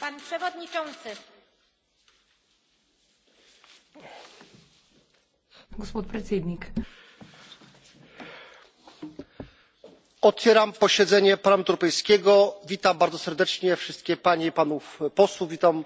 pan przewodniczący gospod predsednik otwieram posiedzenie parlamentu europejskiego witam bardzo serdecznie wszystkie panie i panów posłów witam